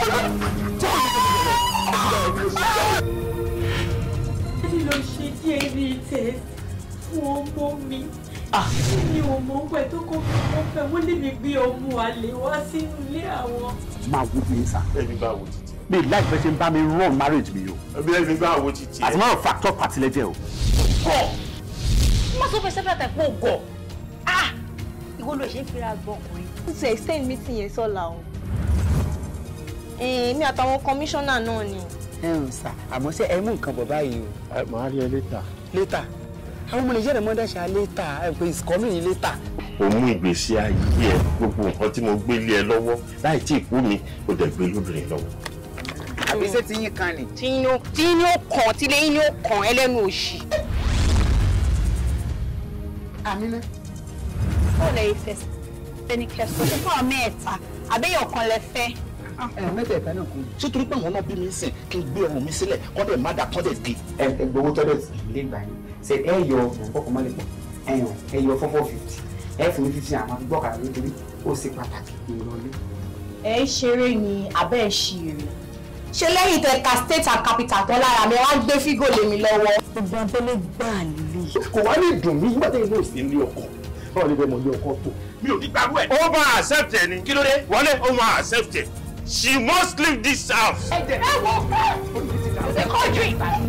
kí ló ṣe tí ẹni tẹ̀ fún ọmọ mi mi ò mọ̀ fẹ́ ṣe ń bá mi run marriage mi o. ẹni bá wo títí. àti máa fà tọ́ pàtìlẹ́jẹ̀ o. gọ̀ má sọ fẹ́ sẹ́fẹ̀ tẹ̀ pé o gọ̀ ah! ìwọ ló ṣe ń fira gbọ́ ọkùnrin. to extend meeting yẹn sọ́la o. Eh, èmi àtàwọn kọmíṣánná náà ni. ẹ ǹ sà àmọ́ ṣé ẹ mú nǹkan bọ̀ báyìí o. màá rí ẹ létà. létà àwọn ọmọ nàìjíríà mọ́ dáṣà létà ẹ pé ìsìkọ́mì létà. o mú ìgbésí ayé ẹ gbogbo nǹkan tí mo gbé lé ẹ lọ́wọ́ láì tí ì kú mi o dẹ̀ gbé lóbìnrin lọ́wọ́. àbí ṣé tí yín kan ni. tí yín ni ó kàn tí lẹ́yìn ni ó kàn ẹlẹ́nu òṣì. àmínà. ó lè fẹsẹ̀ fẹ́ ní kẹsàn-án fún ọmọ ẹ̀ta Ah. mẹ́tẹ̀ẹ̀ta náà kò ní. ṣé torí pé àwọn náà bí mi ń sìn kí n gbé ọrùn mi sílẹ̀ kọ́ dẹ̀ má dà kọ́ dẹ̀ gé. ẹ ẹ gbowó tọ́lẹ̀ ilé ìgbà yẹn ṣe ẹ yọ ọkọ̀ mọ́lẹ̀ pọ̀ ẹ yàn ẹ yọ fọ́fọ́ fifty ẹ fún mi fifty àwọn gbọ́ kàdé nítorí ó ṣe pàtàkì ìrọ̀lẹ́. ẹ ṣeré ni abẹ́ ẹ̀ ṣì rè ṣe lẹ́yìn tẹ ka state and capital tán lára mi wá gbé fígò lèmi lọ́wọ́. gbogbo abẹ́lé gbà lè. kò wá ní ìdùn mí nígbà tí inú ò sí ilé ọkọ̀ báwo lè fẹ́ mọ ilé She must leave this house. Ẹ wo ẹ kọjú ìbàdàn.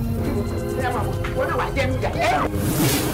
Wọ́n náà wà jẹ́ mi gà.